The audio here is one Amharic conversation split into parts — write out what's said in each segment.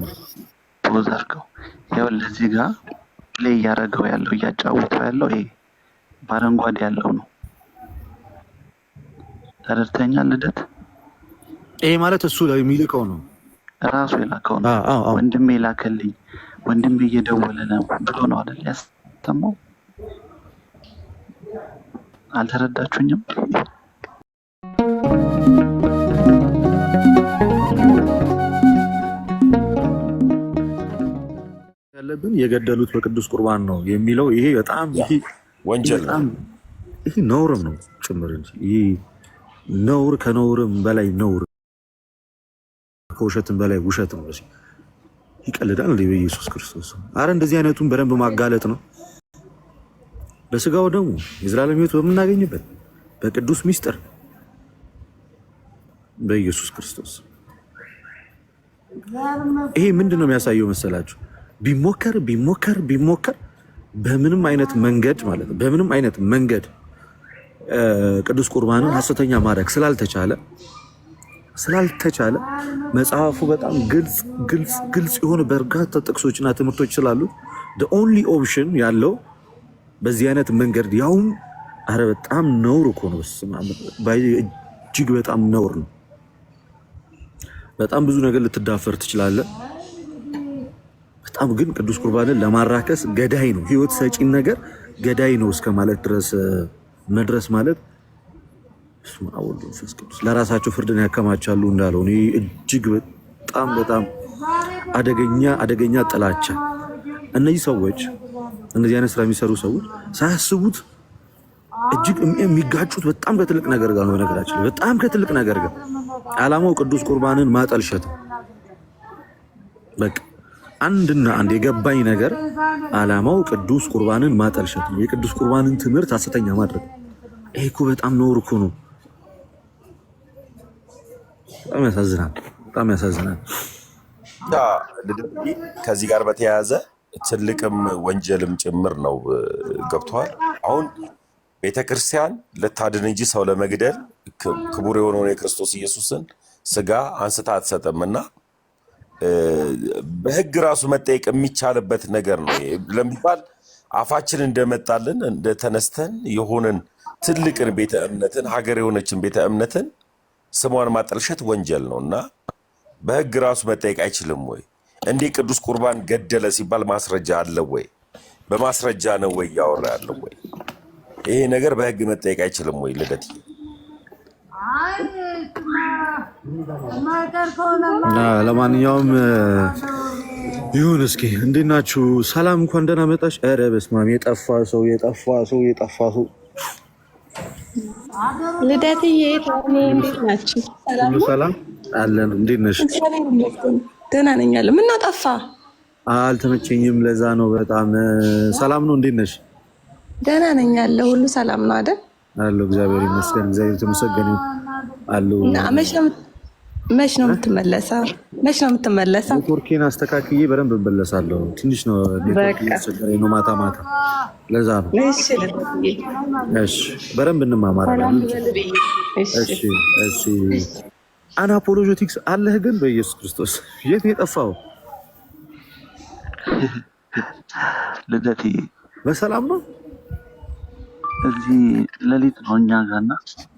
ነው ኦዛርገው ያው ለዚህ ጋር ፕሌይ እያደረገው ያለው እያጫወተው ያለው ይሄ በአረንጓዴ ያለው ነው። ተረድተኛ ልደት ይሄ ማለት እሱ የሚልቀው ነው ራሱ የላከው ነው። ወንድሜ የላከልኝ ወንድሜ እየደወለ ነው ብሎ ነው አይደል ያስተማው። አልተረዳችሁኝም? ያለብን የገደሉት በቅዱስ ቁርባን ነው የሚለው ይሄ በጣም ወንጀል ይሄ ነውርም ነው ጭምር እንጂ ይህ ነውር ከነውርም በላይ ነውር ከውሸትም በላይ ውሸት ነው። ይቀልዳል እንዴ? በኢየሱስ ክርስቶስ አረ እንደዚህ አይነቱን በደንብ ማጋለጥ ነው። በስጋው ደግሞ የዘላለም ሕይወት በምናገኝበት በቅዱስ ሚስጥር በኢየሱስ ክርስቶስ ይሄ ምንድን ነው የሚያሳየው መሰላችሁ? ቢሞከር ቢሞከር ቢሞከር በምንም አይነት መንገድ ማለት ነው በምንም አይነት መንገድ ቅዱስ ቁርባንን ሐሰተኛ ማድረግ ስላልተቻለ ስላልተቻለ መጽሐፉ በጣም ግልጽ ግልጽ ግልጽ የሆኑ በርካታ ጥቅሶችና ትምህርቶች ስላሉ ኦንሊ ኦፕሽን ያለው በዚህ አይነት መንገድ ያውም አረ በጣም ነውር እኮ ነው። እጅግ በጣም ነውር ነው። በጣም ብዙ ነገር ልትዳፈር ትችላለህ። በጣም ግን ቅዱስ ቁርባንን ለማራከስ ገዳይ ነው። ህይወት ሰጪን ነገር ገዳይ ነው እስከ ማለት ድረስ መድረስ ማለት ለራሳቸው ፍርድን ያከማቻሉ እንዳለው እጅግ በጣም በጣም አደገኛ አደገኛ ጥላቻ። እነዚህ ሰዎች እነዚህ አይነት ስራ የሚሰሩ ሰዎች ሳያስቡት እጅግ የሚጋጩት በጣም ከትልቅ ነገር ጋር ነው። በነገራችን በጣም ከትልቅ ነገር ጋር አላማው ቅዱስ ቁርባንን ማጠልሸት በቃ አንድና አንድ የገባኝ ነገር አላማው ቅዱስ ቁርባንን ማጠልሸት ነው። የቅዱስ ቁርባንን ትምህርት አሰተኛ ማድረግ ይሄ እኮ በጣም ነውር እኮ ነው። በጣም ያሳዝናል። በጣም ያሳዝናል። ከዚህ ጋር በተያያዘ ትልቅም ወንጀልም ጭምር ነው። ገብተዋል። አሁን ቤተክርስቲያን ልታድን እንጂ ሰው ለመግደል ክቡር የሆነውን የክርስቶስ ኢየሱስን ስጋ አንስታ አትሰጥምና በህግ ራሱ መጠየቅ የሚቻልበት ነገር ነው ለሚባል አፋችን እንደመጣልን እንደተነስተን የሆነን ትልቅን ቤተ እምነትን ሀገር የሆነችን ቤተ እምነትን ስሟን ማጠልሸት ወንጀል ነው እና በህግ ራሱ መጠየቅ አይችልም ወይ? እንዴ ቅዱስ ቁርባን ገደለ ሲባል ማስረጃ አለ ወይ? በማስረጃ ነው ወይ እያወራ ያለው ወይ? ይሄ ነገር በህግ መጠየቅ አይችልም ወይ ልደት? ለማንኛውም ይሁን እስኪ እንዴት ናችሁ? ሰላም እንኳን ደህና መጣሽ። ኧረ በስመ አብ የጠፋ ሰው የጠፋ ሰው የጠፋ ሰው። ልደትዬ እንዴት ናችሁ? ሰላም አለን። እንዴት ነሽ? ደህና ነኝ አለ። ምነው ጠፋ? አልተመቸኝም፣ ለዛ ነው። በጣም ሰላም ነው። እንዴት ነሽ? ደህና ነኝ አለ። ሁሉ ሰላም ነው አይደል? አለሁ። እግዚአብሔር ይመስገን። እግዚአብሔር ተመሰገነ አለሁ። መች ነው የምትመለሰው? መች ነው የምትመለሰው? ኔትወርኬን አስተካክዬ በደንብ እመለሳለሁ። ትንሽ ነው ኔትወርኬን ነው ማታ ማታ፣ ለዛ ነው። በደንብ እንማማራለን። እሺ፣ አለህ ግን በኢየሱስ ክርስቶስ የት የጠፋው? ልደቴ? በሰላም ነው? እዚህ ሌሊት ነው እኛ ጋና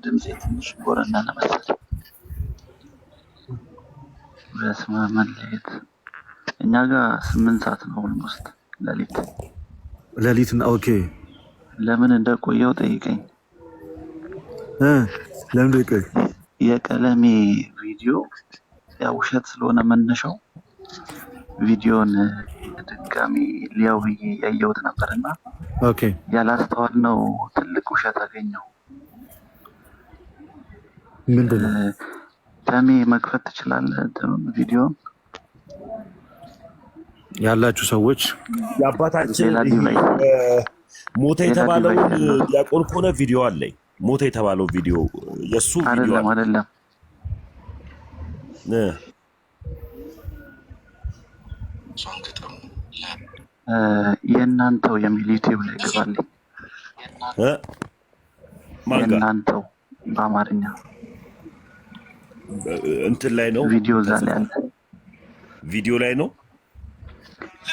ድምፄ ትንሽ ጎረና ለመሰለኝ በስመ መለየት። እኛ ጋር ስምንት ሰዓት ነው ኦልሞስት ሌሊት ኦኬ ለምን እንደቆየው ጠይቀኝ። ለምን ጠይቀኝ። የቀለሜ ቪዲዮ ያው ውሸት ስለሆነ መነሻው ቪዲዮን ድጋሚ ሊያው ብዬ ያየሁት ነበር እና ያላስተዋል ነው ትልቅ ውሸት አገኘው። ምንድን ነው ተሜ መክፈት ትችላለህ ቪዲዮ ያላችሁ ሰዎች የአባታችን ሞተ የተባለው ዲያቆን ከሆነ ቪዲዮ አለኝ። ሞተ የተባለው ቪዲዮ የእሱ አይደለም አይደለም። የእናንተው የሚል ዩቲዩብ ላይ ገባለኝ። የእናንተው በአማርኛ እንትን ላይ ነው ቪዲዮ እዛ ላይ አለ። ቪዲዮ ላይ ነው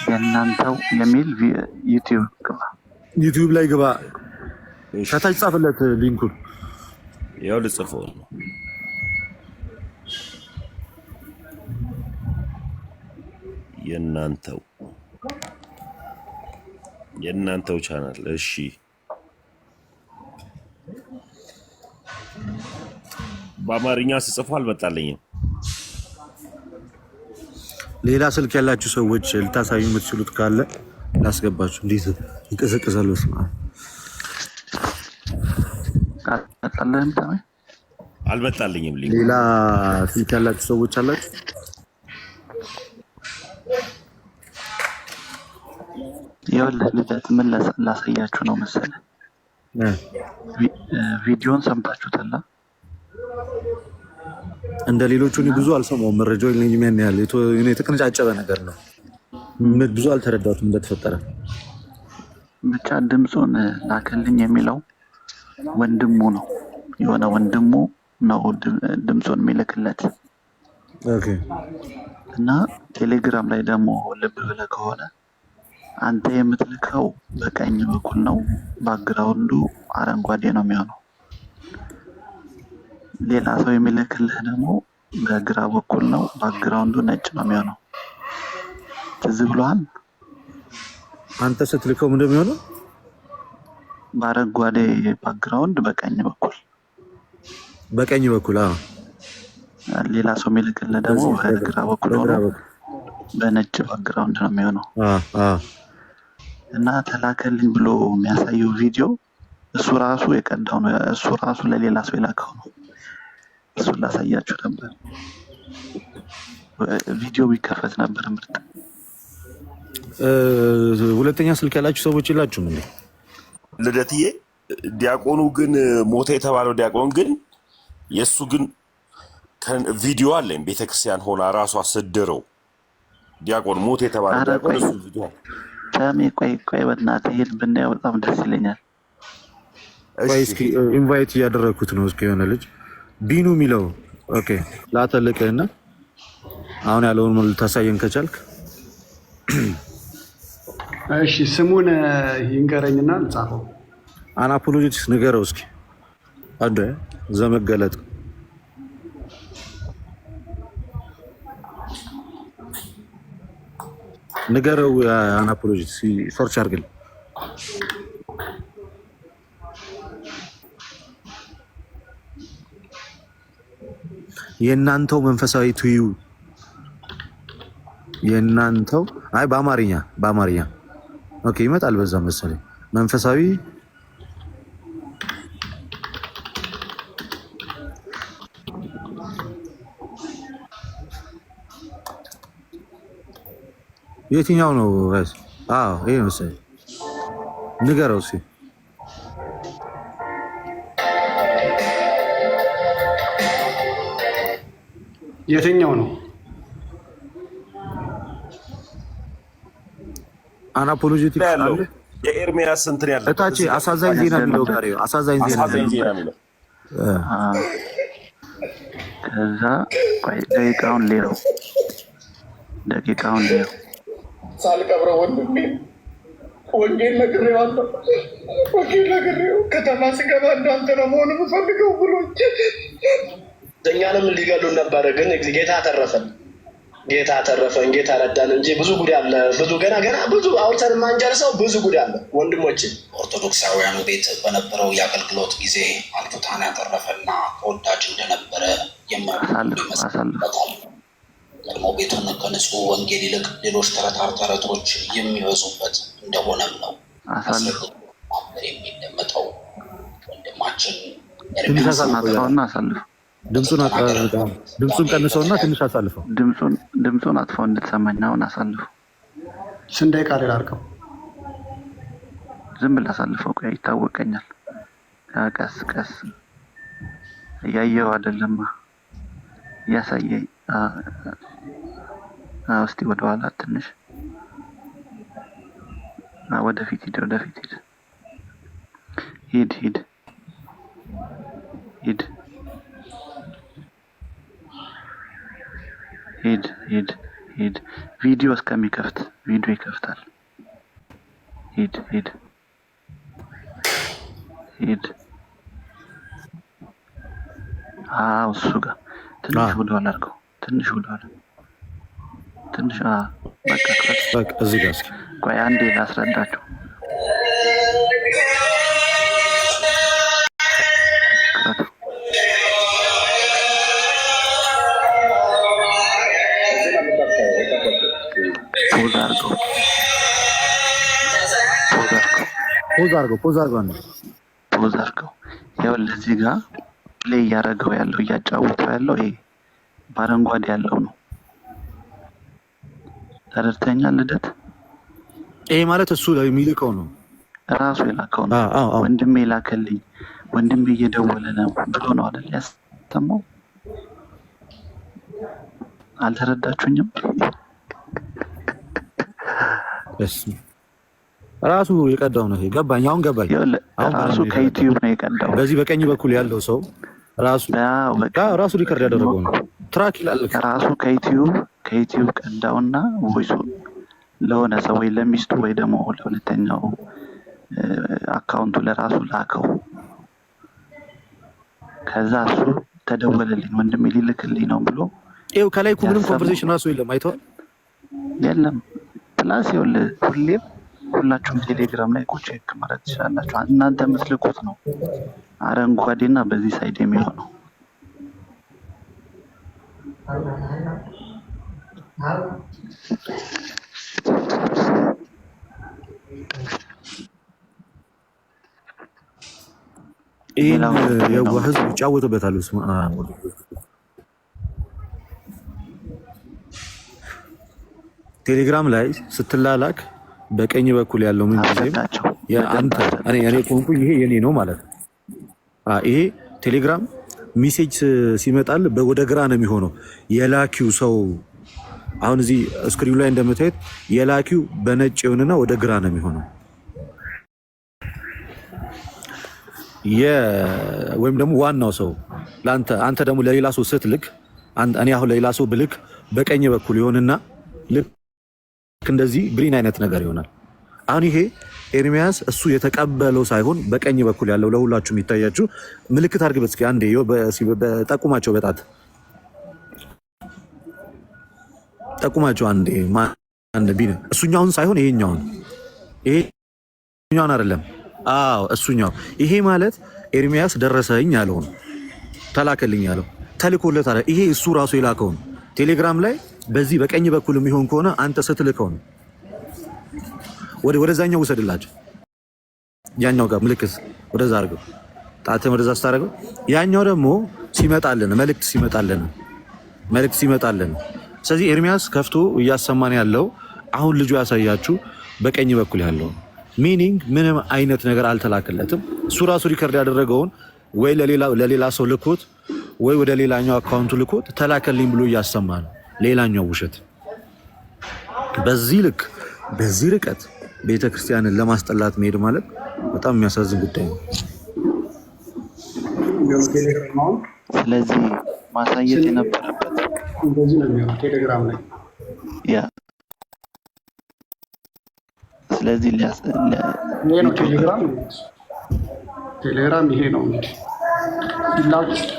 የእናንተው የሚል ዩቲዩብ ግባ፣ ዩቲዩብ ላይ ግባ። ከታች ጻፍለት ሊንኩን። ያው ልጽፈው ነው የእናንተው የእናንተው ቻናል እሺ። በአማርኛ ስጽፎ አልመጣልኝም። ሌላ ስልክ ያላችሁ ሰዎች ልታሳዩ የምትችሉት ካለ ላስገባችሁ። እንዴት ይቀሰቅሳሉ? ስማ አልመጣልኝም። ሌላ ስልክ ያላችሁ ሰዎች አላችሁ? ይኸውልህ ልደት ምን ላሳያችሁ ነው መሰለህ፣ ቪዲዮን ሰምታችሁታላ እንደ ሌሎቹ ብዙ አልሰማውም። መረጃው ምን ያህል የተቀነጫጨበ ነገር ነው። ብዙ አልተረዳሁትም እንደተፈጠረ። ብቻ ድምፁን ላክልኝ የሚለው ወንድሙ ነው የሆነ ወንድሙ ነው ድምፁን የሚልክለት እና ቴሌግራም ላይ ደግሞ ልብ ብለህ ከሆነ አንተ የምትልከው በቀኝ በኩል ነው፣ ባክግራውንዱ አረንጓዴ ነው የሚሆነው ሌላ ሰው የሚልክልህ ደግሞ በግራ በኩል ነው። ባክግራውንዱ ነጭ ነው የሚሆነው። ትዝ ብሎሃል? አንተ ስትልከው ምንድን በአረንጓዴ ባክግራውንድ በቀኝ በኩል በቀኝ በኩል ሌላ ሰው የሚልክልህ ደግሞ በግራ በኩል ሆኖ በነጭ ባክግራውንድ ነው የሚሆነው እና ተላከልኝ ብሎ የሚያሳየው ቪዲዮ እሱ ራሱ የቀዳው ነው። እሱ ራሱ ለሌላ ሰው የላከው ነው። እሱን ላሳያችሁ ነበር። ቪዲዮ ቢከፈት ነበር ምርጥ። ሁለተኛ ስልክ ያላችሁ ሰዎች የላችሁም እንዴ? ልደትዬ፣ ዲያቆኑ ግን ሞተ የተባለው ዲያቆን ግን የእሱ ግን ቪዲዮ አለኝ። ቤተክርስቲያን ሆና ራሱ አሰደረው ዲያቆን ሞተ የተባለው ዲያቆን ቆይ ቆይ፣ በእናትህ ይሄን ብናየው በጣም ደስ ይለኛል። እስኪ ኢንቫይት እያደረግኩት ነው። እስኪ የሆነ ልጅ ቢኑ የሚለው ኦኬ፣ ላተልቅህና አሁን ያለውን ሙሉ ልታሳየን ከቻልክ። እሺ ስሙን ይንገረኝና ልጻፈው። አናፖሎጂቲክስ ንገረው እስኪ። አደ ዘመገለጥ ንገረው። አናፖሎጂቲክስ ሰርች አድርግልኝ። የእናንተው መንፈሳዊ ትዩ የእናንተው አይ በአማርኛ በአማርኛ ኦኬ ይመጣል። በዛ መሰለኝ መንፈሳዊ የትኛው ነው? አዎ ይሄ መሰለኝ ንገረው እስኪ የትኛው ነው? አናፖሎጂቲክ ያለው የኤርሚያስ እንትን ያለው እታች አሳዛኝ ዜና የሚለው ጋር አሳዛኝ ዜና የሚለው ከዛ ቆይ ደቂቃውን ሌላው ደቂቃውን ሌላው ሳልቀብረው ወንድሜ ወንጌል ነግሬዋለሁ። ወንጌል ነግሬው ከተማ ስገባ እንዳንተ ነው መሆን የምፈልገው ብሎ እኛንም ሊገሉን ነበረ፣ ግን ጌታ አተረፈን። ጌታ አተረፈን። ጌታ ረዳን እንጂ ብዙ ጉድ አለ። ብዙ ገና ገና ብዙ አውርተን የማንጨርሰው ብዙ ጉድ አለ ወንድሞች። ኦርቶዶክሳውያኑ ቤት በነበረው የአገልግሎት ጊዜ አልፉታን ያተረፈና ተወዳጅ እንደነበረ የመመስልበታል። ቀድሞ ቤቱን ከንጹህ ወንጌል ይልቅ ሌሎች ተረታር ተረቶች የሚበዙበት እንደሆነም ነው የሚደመጠው ወንድማችን ሚሳሳናጥነውና አሳልፍ ድምፁን ድምፁን ቀንሰውና ትንሽ አሳልፈው ድምፁን አጥፋው እንድትሰማኝ። አሁን አሳልፈው። ስንት ደቂቃ ሌላ አድርገው። ዝም ብለህ አሳልፈው። ቆይ ይታወቀኛል። ቀስ ቀስ እያየው አይደለማ እያሳየኝ። እስቲ ወደኋላ ትንሽ ወደፊት ሂድ፣ ወደፊት ሂድ፣ ሂድ ሂድ ሂድ ሂድ ሂድ ቪዲዮ እስከሚከፍት ቪዲዮ ይከፍታል። ሂድ ሂድ ሂድ። አዎ እሱ ጋር ትንሽ ወደኋላ አድርገው፣ ትንሽ ወደኋላ፣ ትንሽ በቃ። እዚህ ጋር እስኪ ቆይ አንዴ ላስረዳችሁ። ፖዝ አርገው ፖዝ አርገው ፖዝ አርገው ያው ለዚህ ጋር ፕሌይ እያደረገው ያለው እያጫወተው ያለው ይሄ በአረንጓዴ ያለው ነው። ተረድተኛል ልደት? ይሄ ማለት እሱ የሚልከው ነው ራሱ የላከው ነው። ወንድሜ የላከልኝ ወንድሜ እየደወለ ነው ብሎ ነው አይደል ያስተማው። አልተረዳችሁኝም? ራሱ የቀዳው ነው። ገባኝ። አሁን ገባኝ። ራሱ ከዩቲዩብ ነው የቀዳው። በዚህ በቀኝ በኩል ያለው ሰው ራሱ ራሱ ሪከርድ ያደረገው ነው። ትራክ ይላል። ራሱ ከዩቲዩብ ከዩቲዩብ ቀዳውና ቮይሱ ለሆነ ሰው ወይ ለሚስቱ ወይ ደግሞ ለሁለተኛው አካውንቱ ለራሱ ላከው። ከዛ እሱ ተደወለልኝ ወንድሜ ሊልክልኝ ነው ብሎ ይኸው ከላይ እኮ ምንም ኮንቨርሴሽን ራሱ የለም። አይተዋል የለም ፕላስ ይኸውልህ ሁሌም ሁላችሁም ቴሌግራም ላይ ቁጭ ህግ ማለት ትችላላችሁ። እናንተ የምትልቁት ነው አረንጓዴ እና በዚህ ሳይድ የሚሆነው ይህን የዋ ህዝብ ይጫወትበታል። ቴሌግራም ላይ ስትላላክ በቀኝ በኩል ያለው ምን ጊዜም አንተ እኔ ይሄ የኔ ነው ማለት ነው። ይሄ ቴሌግራም ሜሴጅ ሲመጣል ወደ ግራ ነው የሚሆነው። የላኪው ሰው አሁን እዚህ ስክሪኑ ላይ እንደምታዩት የላኪው በነጭ የሆነና ወደ ግራ ነው የሚሆነው። ወይም ደግሞ ዋናው ሰው ለአንተ አንተ ደግሞ ለሌላ ሰው ስትልክ እኔ አሁን ለሌላ ሰው ብልክ በቀኝ በኩል ይሆንና ልክ ልክ እንደዚህ ግሪን አይነት ነገር ይሆናል። አሁን ይሄ ኤርሚያስ እሱ የተቀበለው ሳይሆን በቀኝ በኩል ያለው ለሁላችሁም ይታያችሁ። ምልክት አድርግበት እስኪ አንዴ ጠቁማቸው፣ በጣት ጠቁማቸው አንዴ ቢ እሱኛውን ሳይሆን ይሄኛውን ይሄኛውን አይደለም። አዎ እሱኛው። ይሄ ማለት ኤርሚያስ ደረሰኝ ያለውን ተላከልኝ ያለው ተልኮለት አለ። ይሄ እሱ ራሱ የላከውን ቴሌግራም ላይ በዚህ በቀኝ በኩል የሚሆን ከሆነ አንተ ስትልከው ነው። ወደዛኛው ውሰድላቸው። ያኛው ጋር ምልክት ወደዛ አድርገው፣ ጣትህን ወደዛ ስታደርገው ያኛው ደግሞ ሲመጣልን መልእክት ሲመጣልን መልእክት ሲመጣልን። ስለዚህ ኤርሚያስ ከፍቶ እያሰማን ያለው አሁን ልጁ ያሳያችሁ በቀኝ በኩል ያለው ሚኒንግ ምንም አይነት ነገር አልተላከለትም። እሱ ራሱ ሪከርድ ያደረገውን ወይ ለሌላ ሰው ልኮት ወይ ወደ ሌላኛው አካውንቱ ልኮት ተላከልኝ ብሎ እያሰማ ነው። ሌላኛው ውሸት። በዚህ ልክ በዚህ ርቀት ቤተ ክርስቲያንን ለማስጠላት መሄድ ማለት በጣም የሚያሳዝን ጉዳይ ነው። ስለዚህ ማሳየት የነበረበት እንደዚህ ነው ስለዚህ ቴሌግራም ይሄ ነው እንግዲህ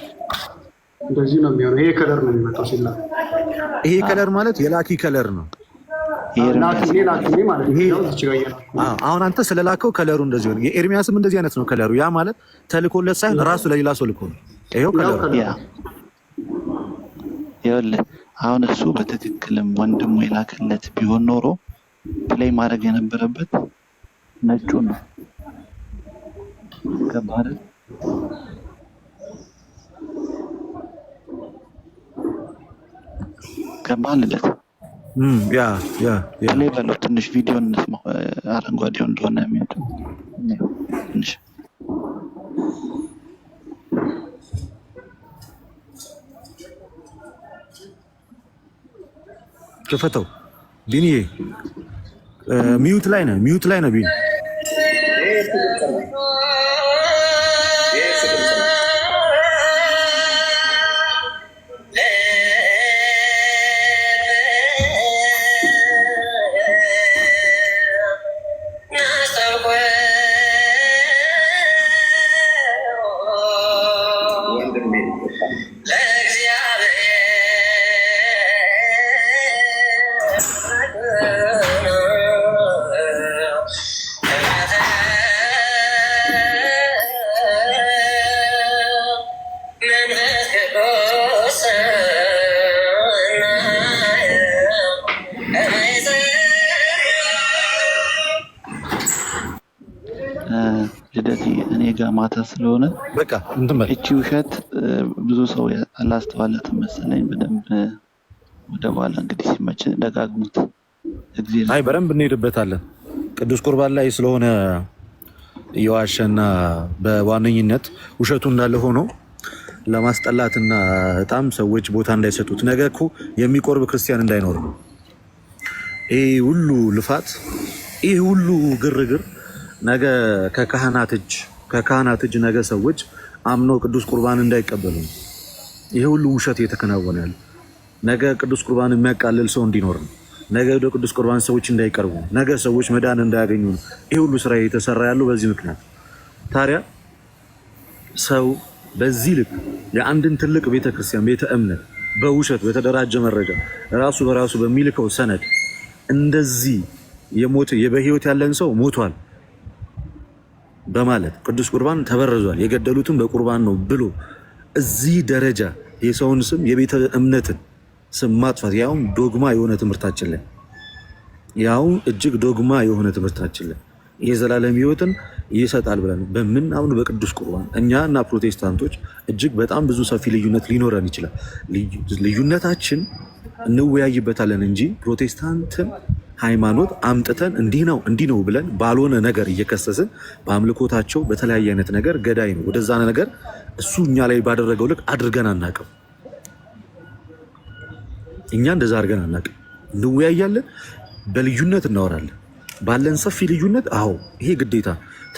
እንደዚህ ነው የሚሆነው። ይሄ ከለር ነው የሚመጣው ሲላ ይሄ ከለር ማለት የላኪ ከለር ነው። አሁን አንተ ስለላከው ከለሩ እንደዚህ ሆነ። የኤርሚያስም እንደዚህ አይነት ነው ከለሩ። ያ ማለት ተልኮለት ሳይሆን ራሱ ለሌላ ሰው ልኮ ነው። ይኸው ከለሩ ይኸውልህ። አሁን እሱ በትክክልም ወንድሙ የላከለት ቢሆን ኖሮ ፕሌይ ማድረግ የነበረበት ነጩ ነው። ገባህ አይደል? ገባህልለት ሌላ ነው። ትንሽ ቪዲዮ አረንጓዴ እንደሆነ የሚሄዱ ትንሽ ክፈተው ቢኒዬ፣ ሚዩት ላይ ነህ፣ ሚዩት ላይ ነህ ቢኒ ማታ ስለሆነ በቃ እቺ ውሸት ብዙ ሰው አላስተዋለት መሰለኝ። በደንብ ወደ በኋላ እንግዲህ ሲመች ደጋግሙት። አይ በደንብ እንሄድበታለን። ቅዱስ ቁርባን ላይ ስለሆነ የዋሸና በዋነኝነት ውሸቱ እንዳለ ሆኖ ለማስጠላትና በጣም ሰዎች ቦታ እንዳይሰጡት ነገ እኮ የሚቆርብ ክርስቲያን እንዳይኖር ይህ ሁሉ ልፋት ይህ ሁሉ ግርግር ነገ ከካህናት እጅ ከካህናት እጅ ነገ ሰዎች አምኖ ቅዱስ ቁርባን እንዳይቀበሉ ይሄ ሁሉ ውሸት እየተከናወነ ያለ ነገ ቅዱስ ቁርባን የሚያቃልል ሰው እንዲኖር ነው። ነገ ወደ ቅዱስ ቁርባን ሰዎች እንዳይቀርቡ፣ ነገ ሰዎች መዳን እንዳያገኙ ነው። ይህ ሁሉ ስራ የተሰራ ያለው በዚህ ምክንያት። ታዲያ ሰው በዚህ ልክ የአንድን ትልቅ ቤተክርስቲያን ቤተ እምነት በውሸት በተደራጀ መረጃ ራሱ በራሱ በሚልከው ሰነድ እንደዚህ የሞተ በህይወት ያለን ሰው ሞቷል በማለት ቅዱስ ቁርባን ተበረዟል፣ የገደሉትም በቁርባን ነው ብሎ እዚህ ደረጃ የሰውን ስም የቤተ እምነትን ስም ማጥፋት ያውም ዶግማ የሆነ ትምህርታችን ላይ ያውም እጅግ ዶግማ የሆነ ትምህርታችን ላይ የዘላለም ህይወትን ይሰጣል ብለን በምናምኑ በቅዱስ ቁርባን እኛ እና ፕሮቴስታንቶች እጅግ በጣም ብዙ ሰፊ ልዩነት ሊኖረን ይችላል። ልዩነታችን እንወያይበታለን እንጂ ፕሮቴስታንትን ሃይማኖት አምጥተን እንዲህ ነው እንዲህ ነው ብለን ባልሆነ ነገር እየከሰስን በአምልኮታቸው በተለያየ አይነት ነገር ገዳይ ነው። ወደዛ ነገር እሱ እኛ ላይ ባደረገው ልክ አድርገን አናቅም። እኛ እንደዛ አድርገን አናቅም። እንወያያለን፣ በልዩነት እናወራለን። ባለን ሰፊ ልዩነት አዎ፣ ይሄ ግዴታ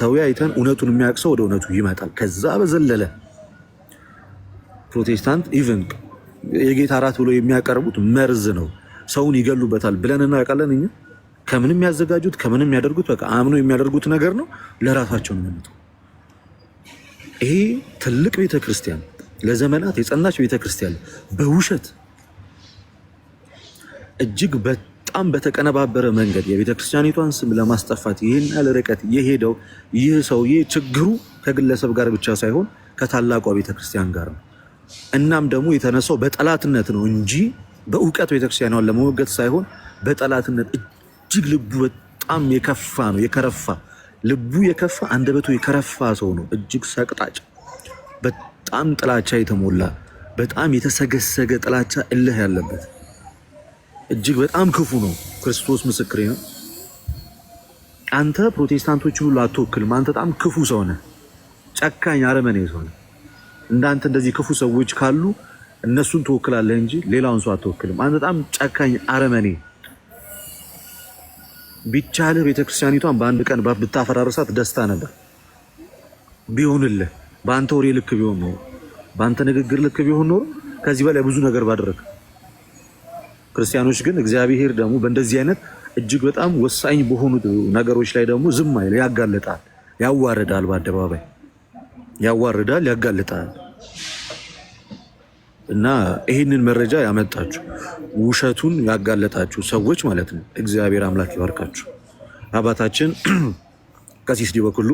ተወያይተን እውነቱን የሚያቅሰው ወደ እውነቱ ይመጣል። ከዛ በዘለለ ፕሮቴስታንት ኢቨን የጌታ እራት ብሎ የሚያቀርቡት መርዝ ነው። ሰውን ይገሉበታል ብለን እናውቃለን እኛ። ከምንም የሚያዘጋጁት ከምንም የሚያደርጉት በቃ አምኖ የሚያደርጉት ነገር ነው። ለራሳቸው ነው የሚመጡ። ይሄ ትልቅ ቤተክርስቲያን፣ ለዘመናት የጸናች ቤተክርስቲያን በውሸት እጅግ በጣም በተቀነባበረ መንገድ የቤተክርስቲያኒቷን ስም ለማስጠፋት ይህን ያህል ርቀት የሄደው ይህ ሰውዬ ችግሩ ከግለሰብ ጋር ብቻ ሳይሆን ከታላቋ ቤተክርስቲያን ጋር ነው። እናም ደግሞ የተነሳው በጠላትነት ነው እንጂ በእውቀት ቤተክርስቲያኗን ለመወገድ ሳይሆን በጠላትነት እጅግ ልቡ በጣም የከፋ ነው የከረፋ ልቡ የከፋ አንደበቱ የከረፋ ሰው ነው። እጅግ ሰቅጣጭ፣ በጣም ጥላቻ የተሞላ በጣም የተሰገሰገ ጥላቻ እልህ ያለበት እጅግ በጣም ክፉ ነው። ክርስቶስ ምስክሬ ነው። አንተ ፕሮቴስታንቶችን ሁሉ አትወክልም። አንተ በጣም ክፉ ሰው ነህ፣ ጨካኝ አረመኔ ሰው ነህ። እንዳንተ እንደዚህ ክፉ ሰዎች ካሉ እነሱን ትወክላለህ እንጂ ሌላውን ሰው አትወክልም። አንተ በጣም ጨካኝ አረመኔ። ቢቻልህ ቤተክርስቲያኒቷን በአንድ ቀን ብታፈራርሳት ደስታ ነበር። ቢሆንልህ በአንተ ወሬ ልክ ቢሆን ኖሮ፣ በአንተ ንግግር ልክ ቢሆን ኖሮ ከዚህ በላይ ብዙ ነገር ባደረግ። ክርስቲያኖች ግን እግዚአብሔር ደግሞ በእንደዚህ አይነት እጅግ በጣም ወሳኝ በሆኑ ነገሮች ላይ ደግሞ ዝም አይል፣ ያጋልጣል፣ ያዋርዳል፣ በአደባባይ ያዋርዳል፣ ያጋልጣል። እና ይህንን መረጃ ያመጣችሁ ውሸቱን ያጋለጣችሁ ሰዎች ማለት ነው እግዚአብሔር አምላክ ይባርካችሁ። አባታችን ቀሲስ ዲበኩሉ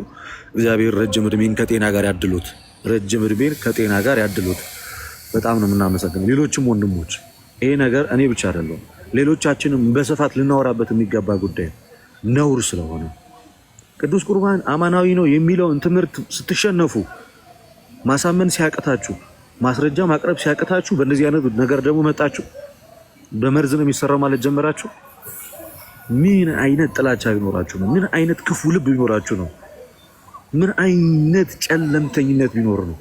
እግዚአብሔር ረጅም እድሜን ከጤና ጋር ያድሉት፣ ረጅም እድሜን ከጤና ጋር ያድሉት። በጣም ነው የምናመሰግነው። ሌሎችም ወንድሞች ይሄ ነገር እኔ ብቻ አይደለም፣ ሌሎቻችንም በስፋት ልናወራበት የሚገባ ጉዳይ ነውር ስለሆነ ቅዱስ ቁርባን አማናዊ ነው የሚለውን ትምህርት ስትሸነፉ ማሳመን ሲያቅታችሁ ማስረጃ ማቅረብ ሲያቅታችሁ በእንደዚህ አይነት ነገር ደግሞ መጣችሁ በመርዝ ነው የሚሰራው ማለት ጀመራችሁ። ምን አይነት ጥላቻ ቢኖራችሁ ነው? ምን አይነት ክፉ ልብ ቢኖራችሁ ነው? ምን አይነት ጨለምተኝነት ቢኖር ነው?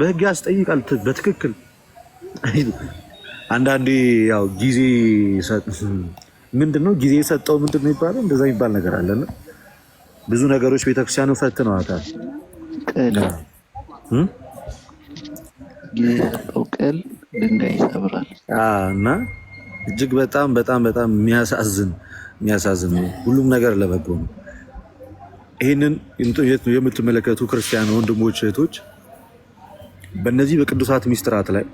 በህግ ያስጠይቃል። በትክክል አንዳንዴ ያው ጊዜ ምንድን ነው ጊዜ የሰጠው ምንድን ነው ይባላል፣ እንደዛ የሚባል ነገር አለና ብዙ ነገሮች ቤተክርስቲያኑ ፈትነዋታል። የበቀል ድንጋይ ይሰብራል እና እጅግ በጣም በጣም በጣም የሚያሳዝን የሚያሳዝን ነው። ሁሉም ነገር ለበጎ ነው። ይህንን የምትመለከቱ ክርስቲያን ወንድሞች እህቶች፣ በእነዚህ በቅዱሳት ሚስጥራት ላይ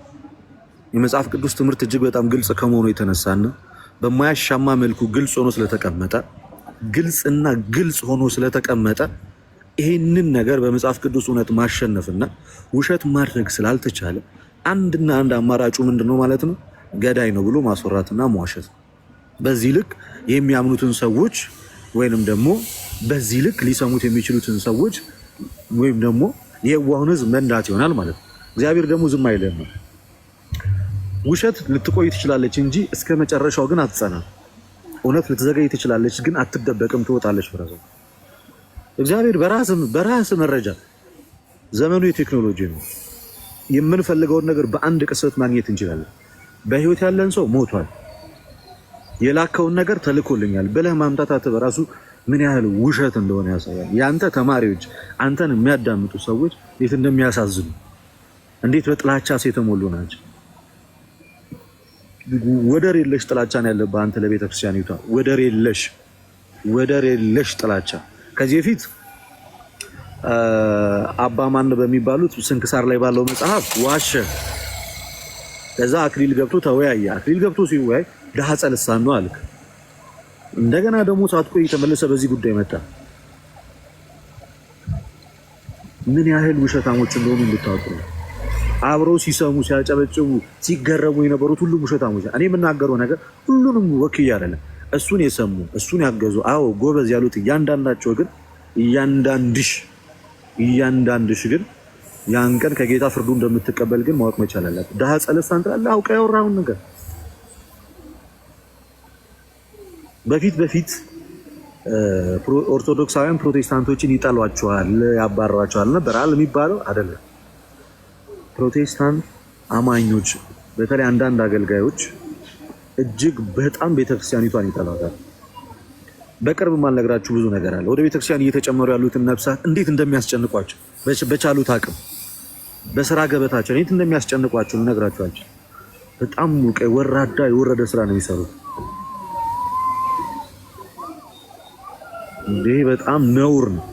የመጽሐፍ ቅዱስ ትምህርት እጅግ በጣም ግልጽ ከመሆኑ የተነሳና በማያሻማ መልኩ ግልጽ ሆኖ ስለተቀመጠ ግልጽና ግልጽ ሆኖ ስለተቀመጠ ይህንን ነገር በመጽሐፍ ቅዱስ እውነት ማሸነፍና ውሸት ማድረግ ስላልተቻለ አንድና አንድ አማራጩ ምንድን ነው ማለት ነው? ገዳይ ነው ብሎ ማስወራትና መዋሸት ነው። በዚህ ልክ የሚያምኑትን ሰዎች ወይንም ደግሞ በዚህ ልክ ሊሰሙት የሚችሉትን ሰዎች ወይም ደግሞ የዋሁን ህዝብ መንዳት ይሆናል ማለት ነው። እግዚአብሔር ደግሞ ዝም ነው። ውሸት ልትቆይ ትችላለች እንጂ እስከ መጨረሻው ግን አትጸና። እውነት ልትዘገይ ትችላለች ግን አትደበቅም፣ ትወጣለች ፍረዘው እግዚአብሔር በራስ መረጃ ዘመኑ የቴክኖሎጂ ነው። የምንፈልገውን ነገር በአንድ ቅጽበት ማግኘት እንችላለን። በህይወት ያለን ሰው ሞቷል፣ የላከውን ነገር ተልኮልኛል ብለህ ማምጣታት በራሱ ምን ያህል ውሸት እንደሆነ ያሳያል። የአንተ ተማሪዎች፣ አንተን የሚያዳምጡ ሰዎች እንዴት እንደሚያሳዝኑ እንዴት በጥላቻ የተሞሉ ናቸው። ወደር የለሽ ጥላቻ ነው ያለብህ አንተ ለቤተክርስቲያኒቷ፣ ወደር የለሽ ወደር የለሽ ጥላቻ ከዚህ በፊት አባ ማን በሚባሉት ስንክሳር ላይ ባለው መጽሐፍ ዋሸ። ከዛ አክሊል ገብቶ ተወያየ። አክሊል ገብቶ ሲወያይ ድሃ ጸልሳን ነው አልክ። እንደገና ደግሞ ሳትቆይ የተመለሰ በዚህ ጉዳይ መጣ። ምን ያህል ውሸታሞች እንደሆኑ እንድታውቁ ነው። አብረው ሲሰሙ ሲያጨበጭቡ ሲገረሙ የነበሩት ሁሉም ውሸታሞች። እኔ የምናገረው ነገር ሁሉንም ወክዬ አይደለም። እሱን የሰሙ እሱን ያገዙ አዎ ጎበዝ ያሉት እያንዳንዳቸው ግን እያንዳንድሽ እያንዳንድሽ ግን ያን ቀን ከጌታ ፍርዱ እንደምትቀበል ግን ማወቅ መቻል አላት። ዳሃ ጸለሳን ትላለህ። አውቃ ያወራውን ነገር በፊት በፊት ኦርቶዶክሳውያን ፕሮቴስታንቶችን ይጠሏቸዋል፣ ያባሯቸዋል ነበር አለ የሚባለው አይደለም። ፕሮቴስታንት አማኞች በተለይ አንዳንድ አገልጋዮች እጅግ በጣም ቤተክርስቲያኒቷን ይጠላታል። በቅርብ ማልነግራችሁ ብዙ ነገር አለ። ወደ ቤተክርስቲያን እየተጨመሩ ያሉትን ነፍሳት እንዴት እንደሚያስጨንቋቸው በቻሉት አቅም በስራ ገበታቸው እንዴት እንደሚያስጨንቋቸው ልነግራችኋቸው። በጣም ሙቀ ወራዳ የወረደ ስራ ነው የሚሰሩት። እንዴ በጣም ነውር ነው።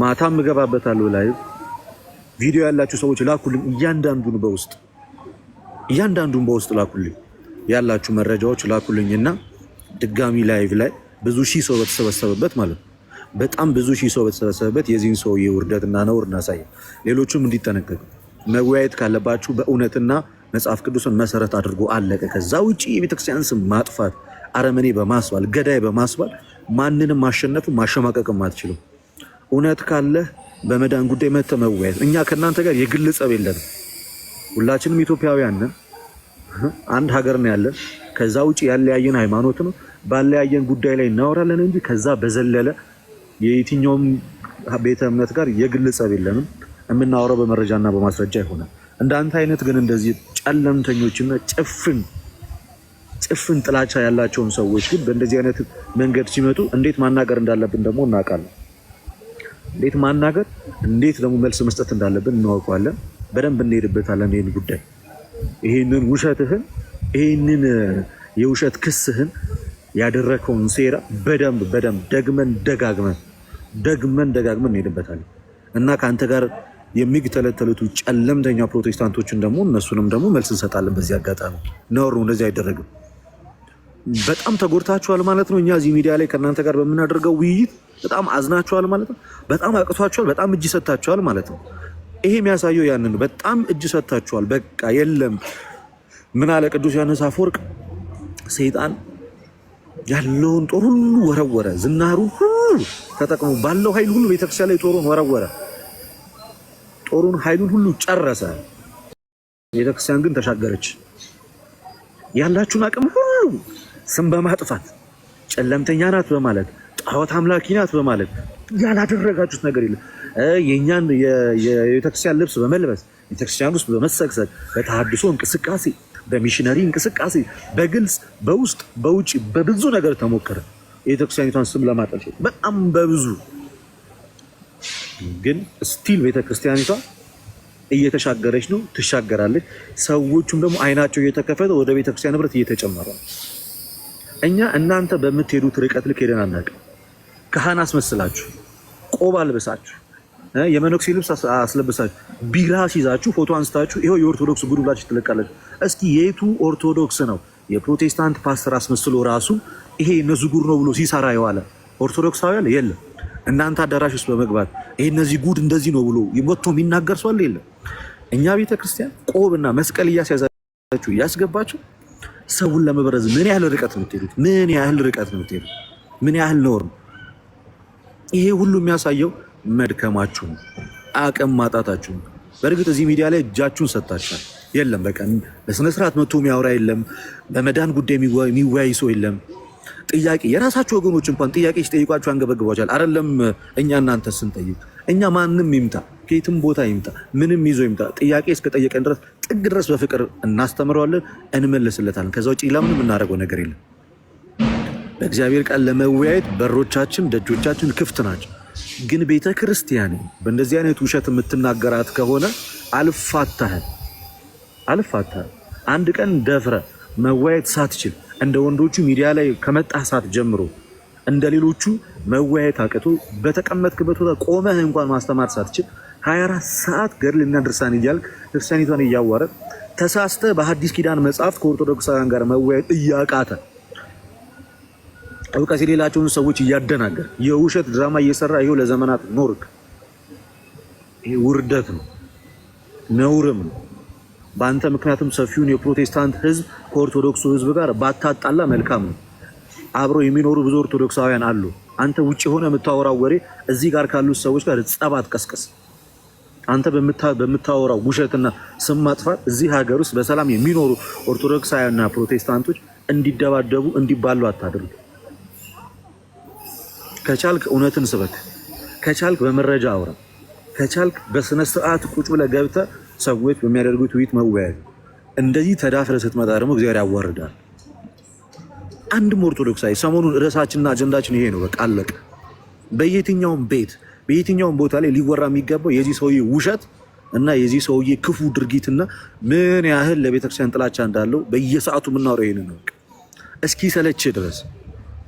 ማታም እገባበታለሁ ላይ ቪዲዮ ያላችሁ ሰዎች ላኩልኝ። እያንዳንዱን በውስጥ እያንዳንዱን በውስጥ ላኩልኝ። ያላችሁ መረጃዎች ላኩልኝና ድጋሚ ላይቭ ላይ ብዙ ሺህ ሰው በተሰበሰበበት ማለት ነው በጣም ብዙ ሺህ ሰው በተሰበሰበበት የዚህን ሰውዬ ውርደትና ነውር እናሳየ፣ ሌሎቹም እንዲጠነቀቁ። መወያየት ካለባችሁ በእውነትና መጽሐፍ ቅዱስን መሰረት አድርጎ አለቀ። ከዛ ውጭ የቤተክርስቲያን ስም ማጥፋት፣ አረመኔ በማስባል ገዳይ በማስባል ማንንም ማሸነፍ ማሸማቀቅም አትችሉም። እውነት ካለህ በመዳን ጉዳይ መተ መወያየት። እኛ ከእናንተ ጋር የግል ጸብ የለንም። ሁላችንም ኢትዮጵያውያን ነን። አንድ ሀገር ነው ያለን። ከዛ ውጭ ያለያየን ሃይማኖት ነው። ባለያየን ጉዳይ ላይ እናወራለን እንጂ ከዛ በዘለለ የየትኛውም ቤተ እምነት ጋር የግል ጸብ የለንም። የምናወራው በመረጃና በማስረጃ ይሆናል። እንዳንተ አይነት ግን እንደዚህ ጨለምተኞችና ጭፍን ጭፍን ጥላቻ ያላቸውን ሰዎች ግን በእንደዚህ አይነት መንገድ ሲመጡ እንዴት ማናገር እንዳለብን ደግሞ እናውቃለን። እንዴት ማናገር እንዴት ደግሞ መልስ መስጠት እንዳለብን እናውቀዋለን። በደንብ እንሄድበታለን ይህን ጉዳይ ይህንን ውሸትህን ይህንን የውሸት ክስህን ያደረከውን ሴራ በደንብ በደንብ ደግመን ደጋግመን ደግመን ደጋግመን እንሄድበታለን እና ከአንተ ጋር የሚግተለተሉት ጨለምተኛ ፕሮቴስታንቶችን ደግሞ እነሱንም ደግሞ መልስ እንሰጣለን። በዚህ አጋጣሚ ነሩ እንደዚህ አይደረግም። በጣም ተጎድታችኋል ማለት ነው። እኛ እዚህ ሚዲያ ላይ ከእናንተ ጋር በምናደርገው ውይይት በጣም አዝናችኋል ማለት ነው። በጣም አቅቷችኋል፣ በጣም እጅ ሰጥታችኋል ማለት ነው። ይሄ የሚያሳየው ያንን በጣም እጅ ሰጥታችኋል። በቃ የለም ምን አለ ቅዱስ ዮሐንስ አፈወርቅ ሰይጣን ያለውን ጦር ሁሉ ወረወረ፣ ዝናሩን ሁሉ ተጠቅሞ ባለው ኃይል ሁሉ ቤተክርስቲያን ላይ ጦሩን ወረወረ። ጦሩን ኃይሉን ሁሉ ጨረሰ። ቤተክርስቲያን ግን ተሻገረች። ያላችሁን አቅም ሁሉ ስም በማጥፋት ጨለምተኛ ናት በማለት ጣዖት አምላኪ ናት በማለት ያላደረጋችሁት ነገር የለም። የእኛን የቤተክርስቲያን ልብስ በመልበስ ቤተክርስቲያን ውስጥ በመሰግሰግ በተሃድሶ እንቅስቃሴ በሚሽነሪ እንቅስቃሴ በግልጽ በውስጥ በውጭ በብዙ ነገር ተሞከረ የቤተክርስቲያኒቷን ስም ለማጠልሸት በጣም በብዙ ግን ስቲል ቤተክርስቲያኒቷ እየተሻገረች ነው፣ ትሻገራለች። ሰዎቹም ደግሞ አይናቸው እየተከፈተ ወደ ቤተክርስቲያን ንብረት እየተጨመረ ነው። እኛ እናንተ በምትሄዱት ርቀት ልክ ሄደን አናውቅም። ካህን አስመስላችሁ ቆብ አልብሳችሁ የመነኩሴ ልብስ አስለብሳችሁ ቢራ ሲይዛችሁ ፎቶ አንስታችሁ ይኸው የኦርቶዶክስ ጉድ ብላችሁ ትለቃላችሁ። እስኪ የቱ ኦርቶዶክስ ነው የፕሮቴስታንት ፓስተር አስመስሎ ራሱ ይሄ ነዝጉር ነው ብሎ ሲሰራ የዋለ ኦርቶዶክሳዊ አለ የለም። እናንተ አዳራሽ ውስጥ በመግባት ይሄ እነዚህ ጉድ እንደዚህ ነው ብሎ ወጥቶ የሚናገር ሰው አለ የለም። እኛ ቤተክርስቲያን ቆብና መስቀል እያስያዛችሁ እያስገባችሁ ሰውን ለመበረዝ ምን ያህል ርቀት ነው የምትሄዱት? ምን ያህል ርቀት ነው የምትሄዱት? ምን ያህል ነውር ነው? ይሄ ሁሉ የሚያሳየው መድከማችሁ ነው፣ አቅም ማጣታችሁ ነው። በእርግጥ እዚህ ሚዲያ ላይ እጃችሁን ሰጥታችኋል። የለም በቃ በስነስርዓት መቶ የሚያወራ የለም፣ በመዳን ጉዳይ የሚወያይ ሰው የለም። ጥያቄ የራሳችሁ ወገኖች እንኳን ጥያቄ ሲጠይቋችሁ አንገበግቧችኋል። አይደለም እኛ እናንተ ስንጠይቅ እኛ ማንም ይምጣ ከየትም ቦታ ይምጣ ምንም ይዞ ይምጣ ጥያቄ እስከጠየቀን ድረስ ጥግ ድረስ በፍቅር እናስተምረዋለን፣ እንመልስለታለን። ከዛ ውጭ ለምንም እናደርገው ነገር የለም። በእግዚአብሔር ቃል ለመወያየት በሮቻችን፣ ደጆቻችን ክፍት ናቸው። ግን ቤተ ክርስቲያን በእንደዚህ አይነት ውሸት የምትናገራት ከሆነ አልፋታህን አልፋታህን አንድ ቀን ደፍረ መወያየት ሳትችል እንደ ወንዶቹ ሚዲያ ላይ ከመጣህ ሰዓት ጀምሮ እንደ ሌሎቹ መወያየት አቅቶ በተቀመጥክበት ቦታ ቆመህ እንኳን ማስተማር ሳትችል 24 ሰዓት ገድልና ድርሳን እያልክ ክርስቲያኒቷን እያዋረ ተሳስተ በሐዲስ ኪዳን መጽሐፍ ከኦርቶዶክሳውያን ጋር መወያየት እያቃተ እውቀት የሌላቸውን ሰዎች እያደናገር የውሸት ድራማ እየሰራ ይሄው ለዘመናት ኖርክ። ይሄ ውርደት ነው፣ ነውርም ነው። በአንተ ምክንያቱም ሰፊውን የፕሮቴስታንት ህዝብ ከኦርቶዶክሱ ህዝብ ጋር ባታጣላ መልካም ነው። አብረው የሚኖሩ ብዙ ኦርቶዶክሳውያን አሉ። አንተ ውጭ የሆነ የምታወራው ወሬ እዚህ ጋር ካሉት ሰዎች ጋር ጸብ አትቀስቀስ። አንተ በምታወራው ውሸትና ስም ማጥፋት እዚህ ሀገር ውስጥ በሰላም የሚኖሩ ኦርቶዶክሳውያንና ፕሮቴስታንቶች እንዲደባደቡ እንዲባሉ አታድርግ። ከቻልክ እውነትን ስበክ፣ ከቻልክ በመረጃ አውራ፣ ከቻልክ በስነ ስርዓት ቁጭ ብለህ ገብተህ ሰዎች በሚያደርጉት ውይይት መወያየት። እንደዚህ ተዳፍረ ስትመጣ ደግሞ እግዚአብሔር ያዋርዳል። አንድም ኦርቶዶክሳዊ ሰሞኑን ርዕሳችንና አጀንዳችን ይሄ ነው። በቃ አለቀ። በየትኛውም ቤት በየትኛውም ቦታ ላይ ሊወራ የሚገባው የዚህ ሰውዬ ውሸት እና የዚህ ሰውዬ ክፉ ድርጊትና ምን ያህል ለቤተክርስቲያን ጥላቻ እንዳለው በየሰዓቱ የምናወራው ይሄንን ነው። እስኪ ሰለች ድረስ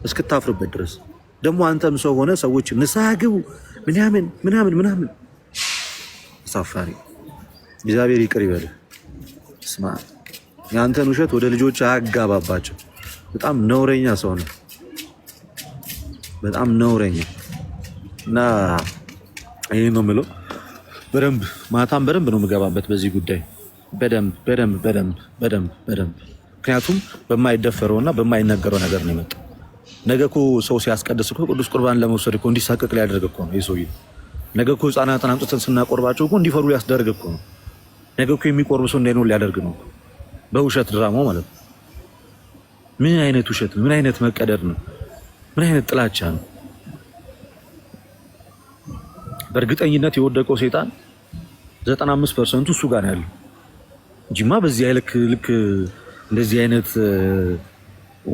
እስክታፍርበት ድረስ ደግሞ አንተም ሰው ሆነ ሰዎች ንስሐ ግቡ ምናምን ምናምን ምናምን አሳፋሪ። እግዚአብሔር ይቅር ይበል። ስማ የአንተን ውሸት ወደ ልጆች አያጋባባቸው። በጣም ነውረኛ ሰው ነው። በጣም ነውረኛ እና ይህ ነው የምለው። በደንብ ማታም በደንብ ነው የምገባበት በዚህ ጉዳይ በደንብ በደንብ በደንብ በደንብ በደንብ ምክንያቱም በማይደፈረውና በማይነገረው ነገር ነው የመጣው። ነገ እኮ ሰው ሲያስቀድስ እኮ ቅዱስ ቁርባን ለመውሰድ እኮ እንዲሳቀቅ ሊያደርግ እኮ ነው ይህ ሰውዬ። ነገ እኮ ህፃናትን አምጥተን ስናቆርባቸው እኮ እንዲፈሩ ሊያስደርግ እኮ ነው። ነገ እኮ የሚቆርብ ሰው እንዳይኖር ሊያደርግ ነው። በውሸት ድራማው ማለት ነው። ምን አይነት ውሸት ነው? ምን አይነት መቀደድ ነው? ምን አይነት ጥላቻ ነው? በእርግጠኝነት የወደቀው ሴጣን 95 ፐርሰንቱ እሱ ጋር ያለው እንጂማ በዚህ ልክ ልክ እንደዚህ አይነት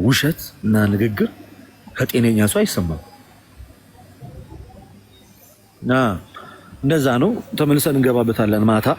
ውሸት እና ንግግር ከጤነኛ ሰው አይሰማም። እንደዛ ነው። ተመልሰን እንገባበታለን ማታ